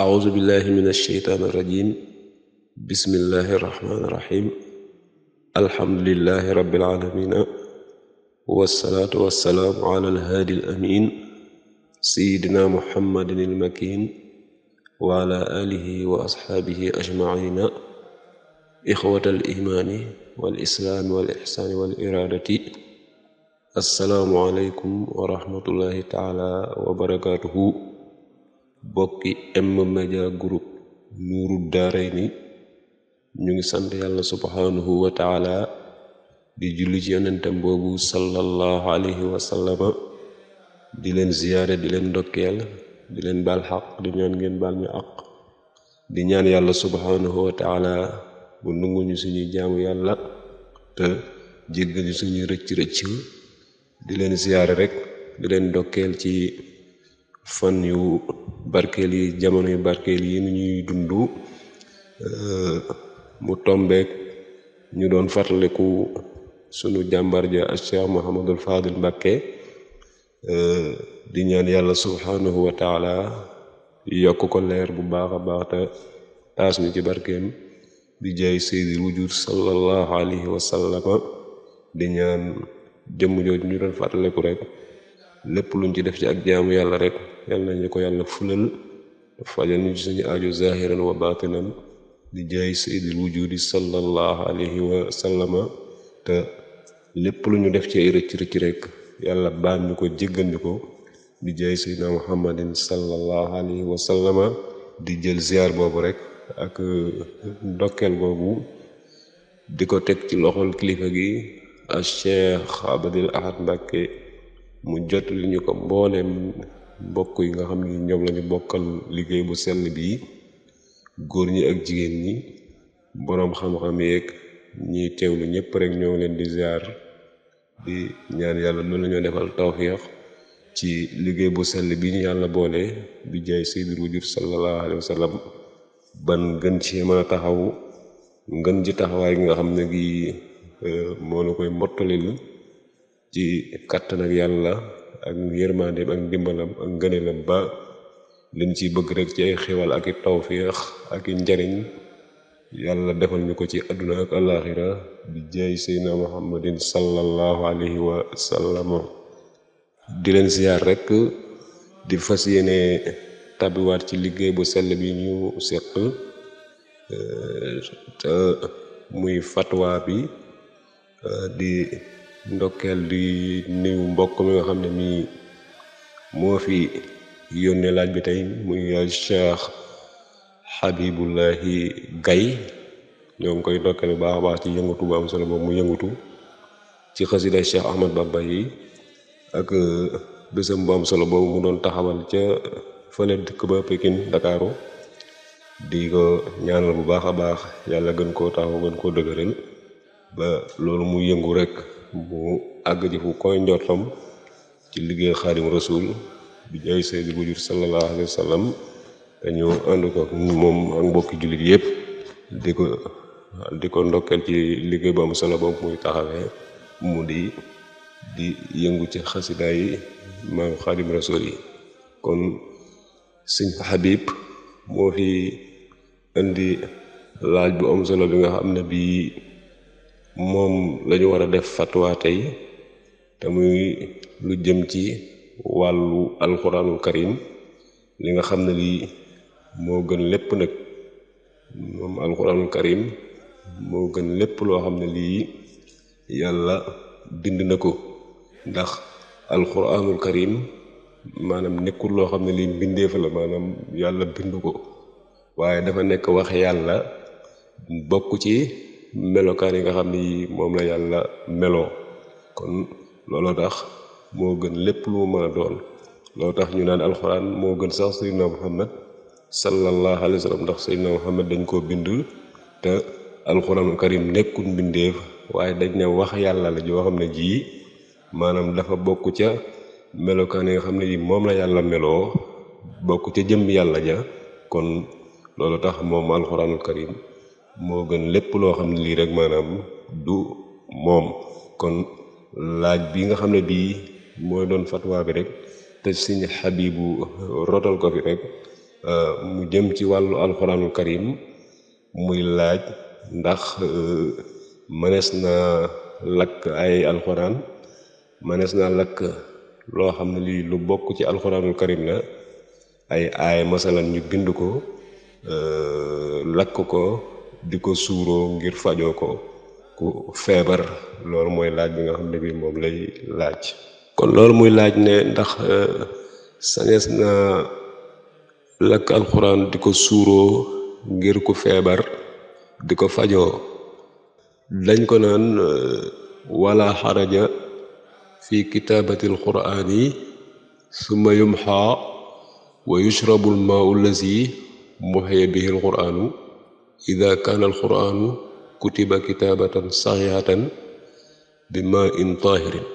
أعوذ بالله من الشيطان الرجيم بسم الله الرحمن الرحيم الحمد لله رب العالمين والصلاة والسلام على الهادي الأمين سيدنا محمد المكين وعلى آله وأصحابه أجمعين إخوة الإيمان والإسلام والإحسان والإرادة السلام عليكم ورحمة الله تعالى وبركاته bokki M-Media Group nuuru daarayni ñu ngi sant yàlla subhanahu wa di julli ci yonentam boobu sallallahu alayhi wa di leen ziyaare di leen ndokkeel di leen baal xaq di ñaan ngeen baal ñu àq di ñaan yàlla subhanahu wa taala mu ñu suñuy jaamu yàlla te jéggal ñu suñuy rëcc rëcc di leen ziyaare rek di leen ndokkeel ci fan yu barkeel yi jamono yi barkeel yi nu ñuy dund euh, mu tombeek ñu doon fàttaliku sunu jàmbar ja ak Cheikh Mouhamadul Fadil Mbàkke euh, di ñaan yàlla subhanahu wa taala bu baax a baax te ci barkeem di jaay seydi wujur sallallahu alayhi wa di ñaan jëmm jooju ñu doon fàttaliku rek lépp luñ ci def ci ak jaamu yàlla rek yal nañu ko yàlla fulal fajal ñu ci suñu aju zahiran wa batinan di jaay sayyidil wujudi sallallahu wa sallama te lépp lu ñu def ci rëcc rëcc rek yàlla baal ñu ko jéggal ñu ko di jaay sayyidina muhammadin sallallahu alayhi wa sallama di jël ziar boobu rek ak euh, ndokkeel boobu di ko teg ci loxol kilifa gi ak Cheikh Abdul Ahad Mbacké mu jot li ñu ko mbooleem mbokk yi nga xam ni ñoom lañu bokkal liggéey bu sell bii góor ñi ak jigéen ñi boroom xam-xam yeeg teew teewlu ñëpp rek ñoo leen di ziar di ñaan yàlla mën nañoo defal tawfiix ci liggéey bu sell bi ñu yàlla boole bi jaay sayyidul wujud sallallahu alayhi wa sallam ban gën ci mën a taxaw ngën ji taxawaay gi nga xam ne gi euh, moo la koy mottalil ci kàttan ak yàlla ak yërmandeem ak ndimbalam ak ngëneelam ba liñ ci bëgg rek ci ay xéwal ak i tawféex ak i njariñ yàlla defal ñu ko ci àdduna ak alaaxira di jaay seydna muhammadin sallallahu alayhi wa di leen ziyaar rek di fas yéene tàbbiwaat ci liggéey bu sell bi ñu seq eh, muy fatwa bi eh, di ndokkeel di nuyu mbokk mi nga xam ne mii moo fi yónnee laaj bi tey muy Cheikh Habibullahi gay ñoo ngi koy ndokkeel bu baax a baax ci yëngatu bu am solo boobu mu yëngatu ci xasida Cheikh Ahmad Bamba yi ak euh, bésam bu solo boobu mu doon taxawal ca fële dëkk ba Pékin Ndakaaru di ko ñaanal bu baax a baax yàlla gën koo taxaw gën koo dëgëral ba loolu muy yëngu rek bu àgg ji fu koy njortam ci liggéey xaadim rasul bi jaay saydi bujur sallallahu alayhi wa sallam te ànd ko moom ak mbokki jullit yépp di ko di ko ndokkeel ci liggéey bu am solo boobu muy taxawee mu di di yëngu ci xasidaay maam xaadim rasul yi kon sëñ Habib moo fi indi laaj bu am bi nga xam ne bii moom lañu war a def fatwa tey te muy lu jëm ci wàllu alxuraanul karim li nga xam ne lii moo gën lépp nag moom alxuraanul karim moo gën lépp loo xam ne lii yàlla bind na ko ndax alxuraanul karim maanaam nekkul loo xam ne lii mbindeef la maanaam yàlla bind ko waaye dafa nekk wax yàlla bokk ci melokaan yi nga xam ni moom la yàlla melo kon looloo tax moo gën lépp lu mu mën a doon loolu tax ñu naan alxuraan moo gën sax seydina muhammad sallallahu alayhi wa sallam ndax seydina muhammad dañ koo bind te alxuraanul karim nekkul mbindeef waaye dañ ne wax yàlla la joo xam ne jii maanaam dafa bokk ca melokaan yi nga xam ne yi moom la yàlla meloo bokk ca jëmm yàlla ja kon loolu tax moom alxuraanul karim moo gën lépp loo xam ne lii rek maanaam du moom kon laaj bi nga xam ne bii mooy doon fatwa bi rek te sëñ Xabibu rotal ko fi rek euh, mu jëm ci wàllu alxuraanul karim muy laaj ndax euh, mënees na lakk ay alxuraan mënees na lakk loo xam ne lii lu bokk ci alxuraanul karim la ay aay masalan ñu bind ko euh, lakk ko di ko suuroo ngir fajoo ko ku feebar loolu mooy laaj bi nga xam ne bii moom lay laaj kon loolu muy laaj ne ndax eh, sañes na lakk alxuraan di ko suuroo ngir ku feebar di ko fajoo dañ ko naan eh, wala xaraja fi kitaabatil quraan yi summa yumxaa wa yushrabu almaau allazi muxiya bihi alquraanu ida kaana alquraanu kutiba kitaabatan saxiatan bi ma in tahirin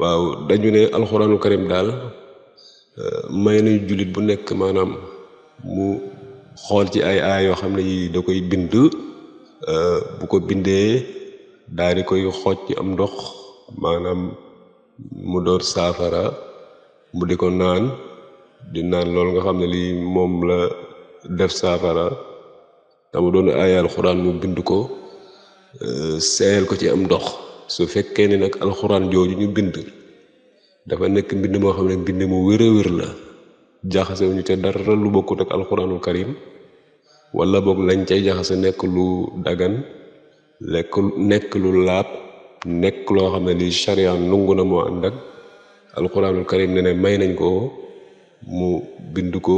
waaw dañu ne alxuraanul karim daal euh, may nañu jullit bu nekk maanaam mu xool ci ay aay yoo xam ne yi da koy bind euh, bu ko bindee daal di koy xooj ci am ndox maanaam mu door saafara mu di ko naan di naan loolu nga xam ne lii moom la def saafara dama doon aaya alxuraan mu bind ko eh, seeyal ko ci am ndox su fekkee ni nag alxuraan jooju ñu bind dafa nekk mbind moo xam ne bind mu wér a wér la jaxasewuñu ca dara lu bokkut ak alxuraanul karim wala boog lañ ca jaxase nekk lu dagan lekk nekk lu laab nekk loo xam ne li sharia nungu na moo ànd ak alxuraanul karim ne ne may nañ ko mu bind ko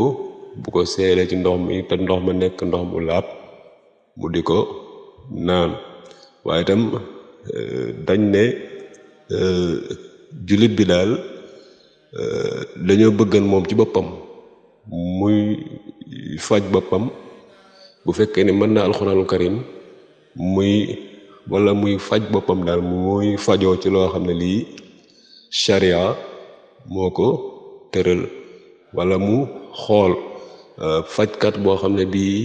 bu ko seelee ci ndox mi te ndox ma nekk ndox mu laab mu di ko naan waaye itam eh, dañ ne eh, jullit bi daal eh, dañoo bëggan moom ci boppam muy faj boppam bu fekkee ne mën na alxuraanul karim muy walla muy faj boppam daal muy fajoo ci loo xam ne lii sharia moo ko tëral walla mu xool fajkat boo xam ne bii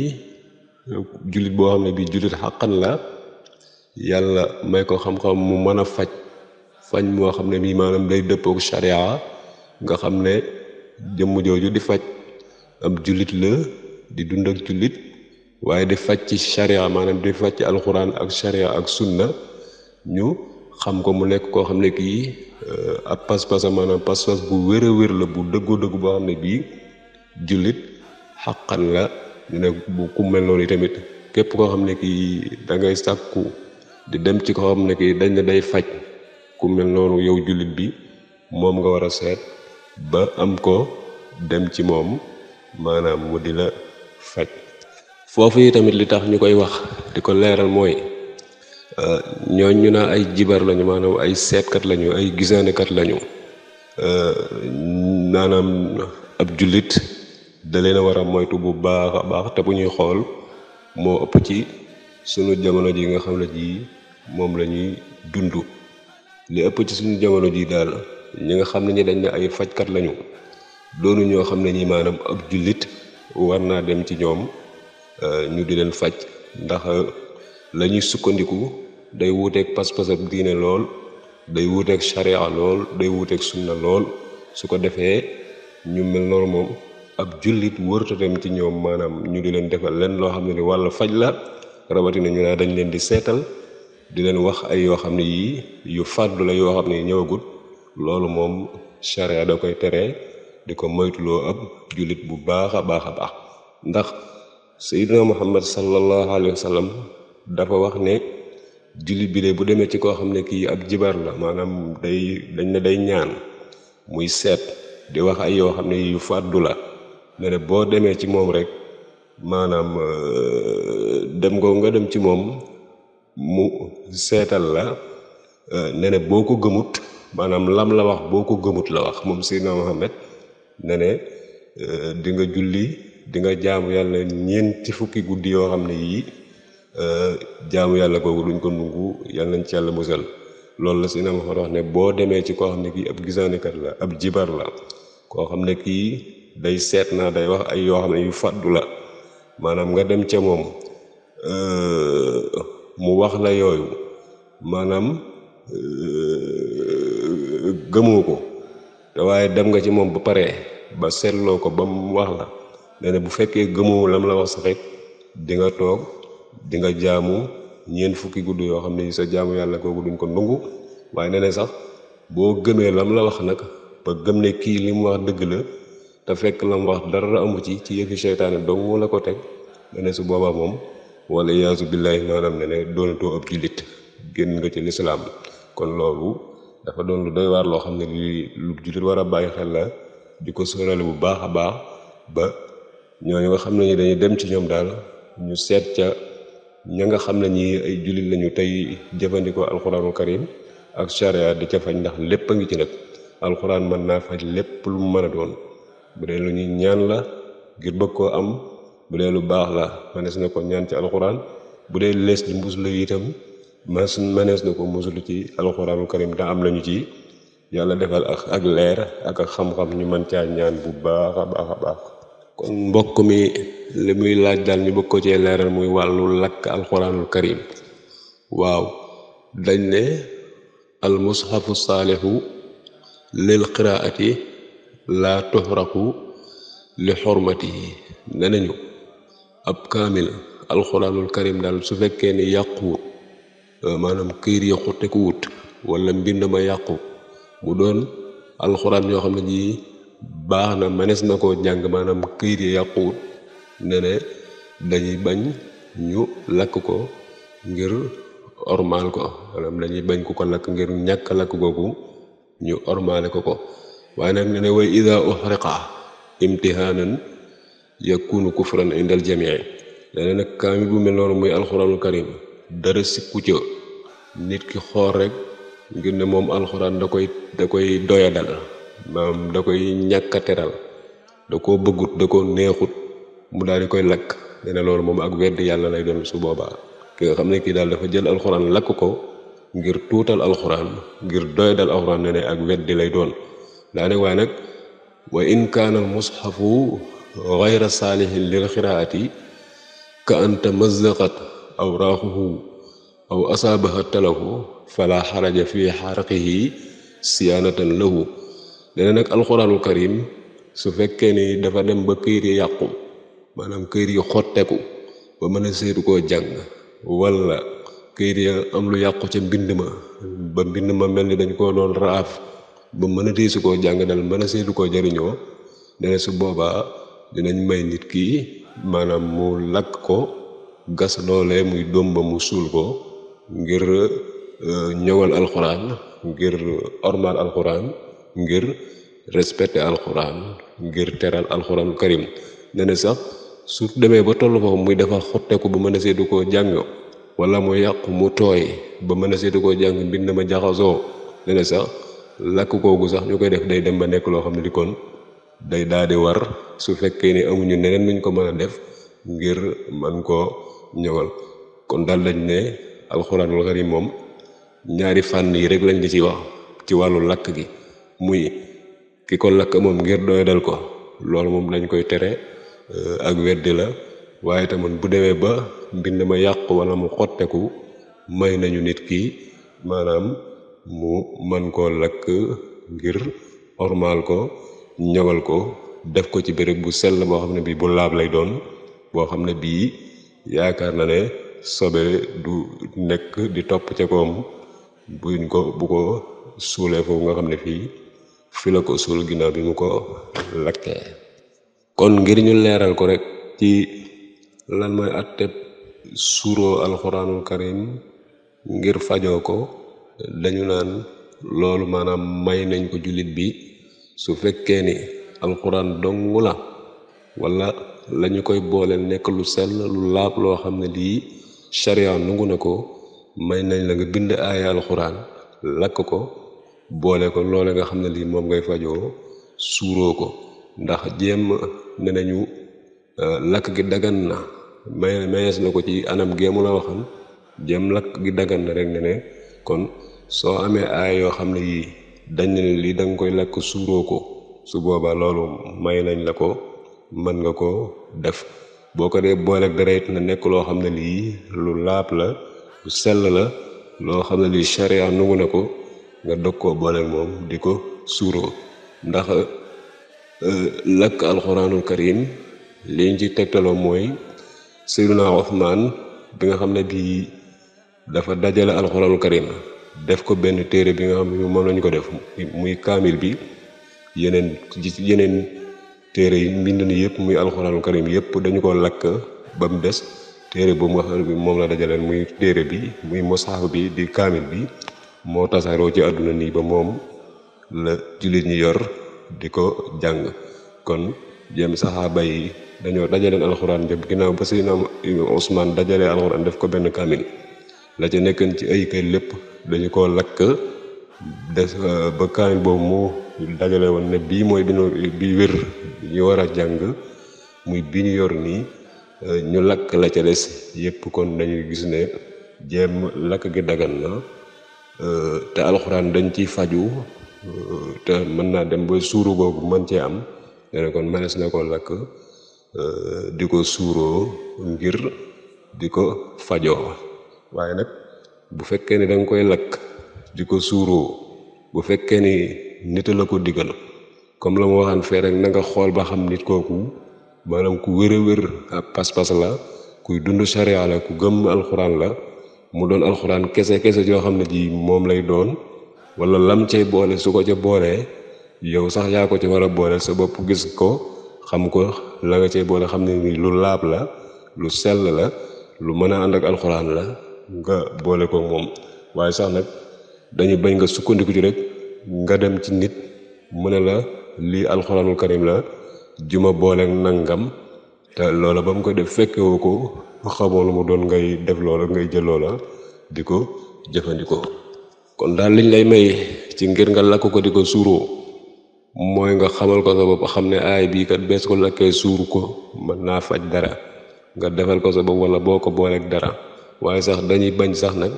jullit boo xam ne bii jullit xàqan la yàlla may ko xam-xam mu mën a faj fañ moo xam ne mii maanaam day dëppook sharia nga xam ne jëmm jooju di faj ab jullit la di dund ak jullit waaye di faj ci sharia maanaam di faj ci alxuraan ak sharia ak sunna ñu xam ko mu nekk koo xam ne kii euh, ab pas-pasa maanaam pas-pas bu wér a wér la bu dëggoo dëgg boo xam ne bii jullit xaqan la ñu ne bu ku mel noonu tamit képp koo xam ne kii da ngay sàkku di dem ci koo xam ne kii dañ ne day faj ku mel noonu yow jullit bi moom nga war a seet ba am ko dem ci moom maanaam mu di la faj foofu yi tamit li tax ñu koy wax di ko leeral mooy euh, ñooñ ñu naan ay jibar lañu maanaam ay seetkat lañu ay gisaanekat lañu euh, maanaam ab jullit da leen war a moytu bu baax a baax te bu ñuy xool moo ëpp ci sunu jamono ji nga xam ne jii moom la ñuy dund li ëpp ci suñu jamono ji daal ñi nga xam ne ñi dañ ne ay fajkat lañu doonu ñoo xam ne ñi maanaam ab jullit war naa dem ci ñoom euh, ñu di leen faj ndax euh, lañuy sukkandiku day wuuteeg pas-pasab diine lool day wuuteeg sharia lool day wuuteeg na lool su ko defee ñu mel noonu moom ab jullit warut dem ci ñoom maanaam ñu di leen defal leen loo xam ne ni wàllu faj la rawatina ñu naa dañ leen di seetal di leen wax ay yoo xam ne yii yu fàddu la yoo xam ne ñëwagut loolu moom charia da koy tere di ko moytuloo ab bu baax a baax a baax ndax sayyidina muhammad sallallahu alayhi wa sallam dafa wax ne jullit bi de bu demee ci koo xam ne kii ab jibar maanaam day dañ ne day ñaan muy seet di wax ay yoo xam ne yu fàddu la ne boo demee ci moom rek maanaam euh, dem ko nga dem ci moom mu seetal la euh, ne ne boo ko gëmut maanaam lam la wax boo ko gëmut la wax moom Seydina Muhammad ne ne euh, di nga julli di nga jaamu yàlla ñeenti fukki guddi yoo xam ne yii jaamu yàlla googu duñ ko nungu yàlla nañ ci yàlla musal loolu la si Muhammad wax ne boo demee ci koo xam ne kii ab gisaanekat la ab jibar la koo xam ne kii day seet naa day wax ay yoo xam ne yu fàddu la maanaam nga dem ca moom euh, mu wax la yooyu maanaam euh, gëmoo ko te waaye dem nga ci moom ba pare ba seetloo ko ba mu wax la ne bu fekkee gëmoo lam la wax sax dinga toog di nga jaamu ñeent fukki gudd yoo xam ne sa jaamu yàlla kooku duñ ko nangu waaye nee sax boo gëmee lam la wax nag ba gëm ne kii li mu wax dëgg la te fekk la mu wax dara amu ci ci yëfi seytaane dong la ko teg nga ne su boobaa moom wala yaasu billaahi maanaam ne ne doonatoo ab jullit génn nga ci lislaam kon loolu dafa doon lu doy waar loo xam ne li lu jullit war a bàyyi xel la di ko sóorale bu baax a baax ba ñooñu nga xam ne ñi dañuy dem ci ñoom daal ñu seet ca ña nga xam ne ñi ay jullit lañu tey jëfandikoo alxuraanul karim ak charia di ca faj ndax lépp a ngi ci nekk alxuraan mën naa faj lépp mën a doon bu dee lu ñuy ñaan la ngir bëgg koo am bu dee lu baax la manees na ko ñaan ci alxuraan bu dee lees di muslu itam mas manees na ko mbuus muslu ci alxuraanul karim te am nañu ci yàlla defal ak ak leer ak ak xam-xam ñu mën caa ñaan bu baax a baax a baax kon mbokk mi li muy laaj daal ñu bëgg ko cee leeral muy wàllu lakk alxuraanul karim waaw dañ ne almushafu saalihu lil qiraati laa tuxraqu li xormatihi ne nañu ab kaamil alxuraanul karim daal su fekkee ni yàqu euh, maanam këyit ya xutte ko wut wala mbind ma yàqu mu doon alxuraan yoo xam ne ji baax na mënees na ko jàng maanaam këyit ya yàquwut ne dañuy bañ ñu lakk ko ngir ormaal ko maanaam dañuy bañ ku ko lakk ngir ñàkk lakk googu ñu ormaale ko ko waaye nag ne ne way ida uhriqa imtihaanan yakunu kufran indal jamii nee na nag kaamil bu mel noonu muy alxuraanul karim dara sikku ca nit ki xool rek ngir ne moom alxuraan da koy da koy doyadal maam da koy ñàkk teral da ko bëggut da koo neexut mu daal di koy lakk nee ne loolu moom ak wedd yàlla lay doon su boobaa ki xam ne kii daal dafa jël alxuraan lakk ko ngir tuutal alxuraan ngir doyadal alxuraan nee na ak weddi lay doon daa waaye nag wa in kaana almusxafu gayra saalihin lil xiraati ka an aw raaxuhu aw asaabaha talahu fala xaraja fi xarqihi siyaanatan lahu dana nag alxuraanul karim su fekkee ni dafa dem ba këyit yi yàqu maanaam këyit yi ba mën a seetu koo jàng wala këyit ya am lu yàqu ca mbind ma ba mbind ma mel ni dañ koo doon raaf ba mën a diisu koo jàng dal mën a seetu koo jariñoo ne su boobaa dinañ may nit ki manam mu lakk ko gas loole muy doom ba mu suul ko ngir euh, ñëwal alxuraan ngir ormal alxuraan ngir respecté alxuraan ngir teral alxuraan karim ne ne sax su demee ba tollu foofu muy dafa xotteeku ba mën a seetu koo jàng wala mu yàqu mu tooy ba mën a seetu koo jàng mbind ma jaxasoo ne ne sax lakk googu sax ñu koy def day dem ba nekk loo xam ne li kon day daal di war su fekkee ni amuñu neneen nuñ ko mën a def ngir man koo ñëwal kon dal lañ ne alxuraanul karim moom ñaari fànn yi rek lañ di ci wax ci wàllu lakk gi muy ki ko lakk moom ngir doy dal ko loolu moom lañ koy tere euh, ak weddi la waaye tamit bu demee ba mbind ma yàqu wala mu xotteku may nañu nit kii maanaam mu mën koo lakk ngir ormaal ko ñoŋal ko def ko ci béréb bu sell boo xam ne bii bu laab lay doon boo xam ne bii yaakaar na ne sobe du nekk di topp ca koom buñ ko bu ko suulee foofu nga xam ne fii fi la ko suul ginnaaw bi mu ko lakkee kon ngir ñu leeral ko rek ci lan mooy atteb suuroo alxuraanul karim ngir fajoo ko dañu naan loolu maanaam may nañ ko jullit bi su fekkee ni alxuraan dongu la wala lañu koy boole nekk lu sell lu laab loo xam ne lii sharia nangu na ko may nañ la nga bind aaya alxuraan lakk ko boole ko loole nga xam ne lii moom ngay fajoo suuroo ko ndax jéem ne nañu euh, lakk gi daggan na may mayees na ko ci anam géemu la waxam jëm lakk gi dagan na rek ne ne kon soo amee aay yoo xam ne yii dañ ne lii danga koy lakk suuroo ko su boobaa loolu may nañ la ko mën nga ko def boo ko dee boole dara na nekk loo xam ne lii lu laab la lu sell la loo xam ne lii sharia nungu na ko nga dog koo boole moom di ko suuroo ndax euh, lakk alxuraanul karim liñ ci tegtaloo mooy Seydina Ousmane bi nga xam ne bii dafa dajale alxuraanul karim def ko benn téere bi nga xam ne moom lañu ko def muy kaamil bi yeneen yeneen téere yi mbind ni yëpp muy alxuraanul karim yëpp dañu ko lakk ba mu des téere boobu mu xam ne moom la dajaleen muy téere bi muy mushaf bi di kaamil bi moo tasaaroo ci àdduna nii ba moom la jullit ñi yor di ko jàng kon jëm saxaaba yi dañoo dajaleen alxuraan jëm ginnaaw ba si Seydina Usmaan dajalee alxuraan def ko benn kaamil la ca nekkan ci ay kay lépp dañu ko lakk des euh, ba kaamil boobu moo dajale woon ne bii mooy bi bi wér ñu war a jàng muy bi ñu yor nii euh, ñu lakk la ca des yépp kon dañuy gis ne jéem lakk gi dagan na euh, te alxuraan dañ ciy faju te mën naa dem ba suuru googu mën cee am ne kon mënees na ko lakk di ko suuroo ngir di ko fajoo waaye nag bu fekkee ni danga koy lakk di ko suuroo bu fekkee ni nit la ko digal comme la mu waxaan fee rek na nga xool ba xam nit kooku maanaam ku wér a wér pas-pas la kuy dund charia la ku gëmm alxuraan la mu doon alxuraan kese kese joo xam ne ji moom lay doon wala lam cay boole su ko ca boolee yow sax yaa ko ci war a boole sa bopp gis ko xam ko la nga cay boole xam ne ni lu laab la lu sell la lu mën a ànd ak alxuraan la nga boole ko moom waaye sax nag dañu bañ nga sukkandiku ci rek nga dem ci nit mu ne la lii alxuraanul karim la juma boole nangam te loola ba mu ko def fekkewoo ko xamoo lu mu doon ngay def loola ngay jël loola di ko jëfandikoo kon daal liñ lay may ci ngir nga lakk ko di ko suuroo mooy nga xamal ko sa bopp xam ne aay bii kat bees ko lakkee suur ko mën naa faj dara nga defal ko sa bopp wala boo ko booleek dara waaye sax dañuy bañ sax nag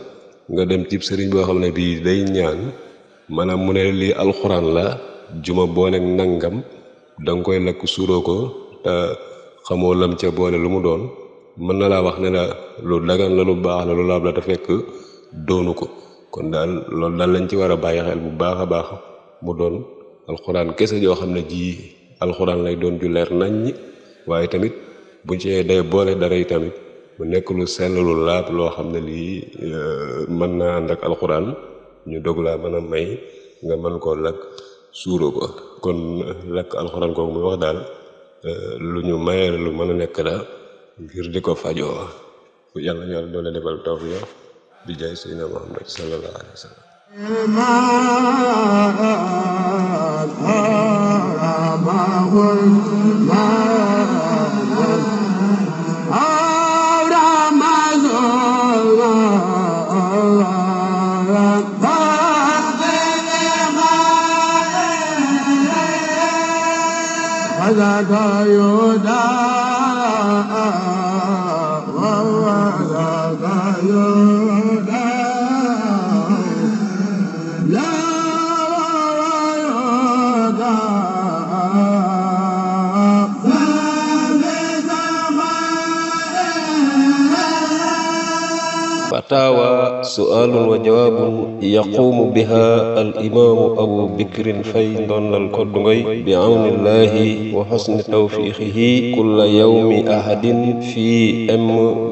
nga dem cib sëriñ boo xam ne bii day ñaan maanaam mu ne lii alxuraan la juma boole nangam danga koy lakk suuroo ko te xamoo lam ca boole lu mu doon mën na laa wax ne la lu dagan la lu baax la lu laab la te fekk doonu ko kon daal loolu daal lañ ci war a bàyyi xel bu baax a baax mu doon alxuraan kese joo xam ne ji alxuraan lay doon ju leer naññ waaye tamit buñ ci day boole dara yi tamit mu nekk lu sell lu laab loo xam ne lii euh, mën naa ànd alxuraan ñu dog laa mën a may nga mën koo lakk suuroo ko kon lakk alxuraan kooku muy wax daal euh, lu ñu mayee lu mën a nekk la ngir di ko fajoo yàlla ñu yàlla doole defal tawfiq bi jaay Seydina Muhammad sallallahu alayhi fataawa su'aalun wa jawaabun yaquumu biha al imaamu abu bikrin fay ndondal koddungoy bi àwnillaahi wa xosni tawfiixihi kulla yawmi ahadin fii M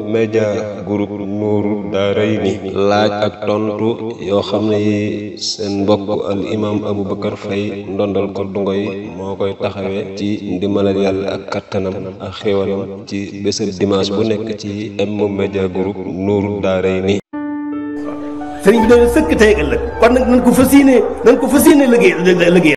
Media Group Nour Daarayni laaj ak tontu yoo xam ne yi seen mbokk al imaam abu bakar fay ndondal koddungoy moo koy taxawee ci ndimbalal yàlla ak kattanam ak xéwalam ci bésëb dimanche bu nekk ci M Media Group Nour Daarayni sëriñ bi dana sëkk tey ëllëg kon nag nañ ko fas yéenee nañ ko fas yéenee liggéey liggéey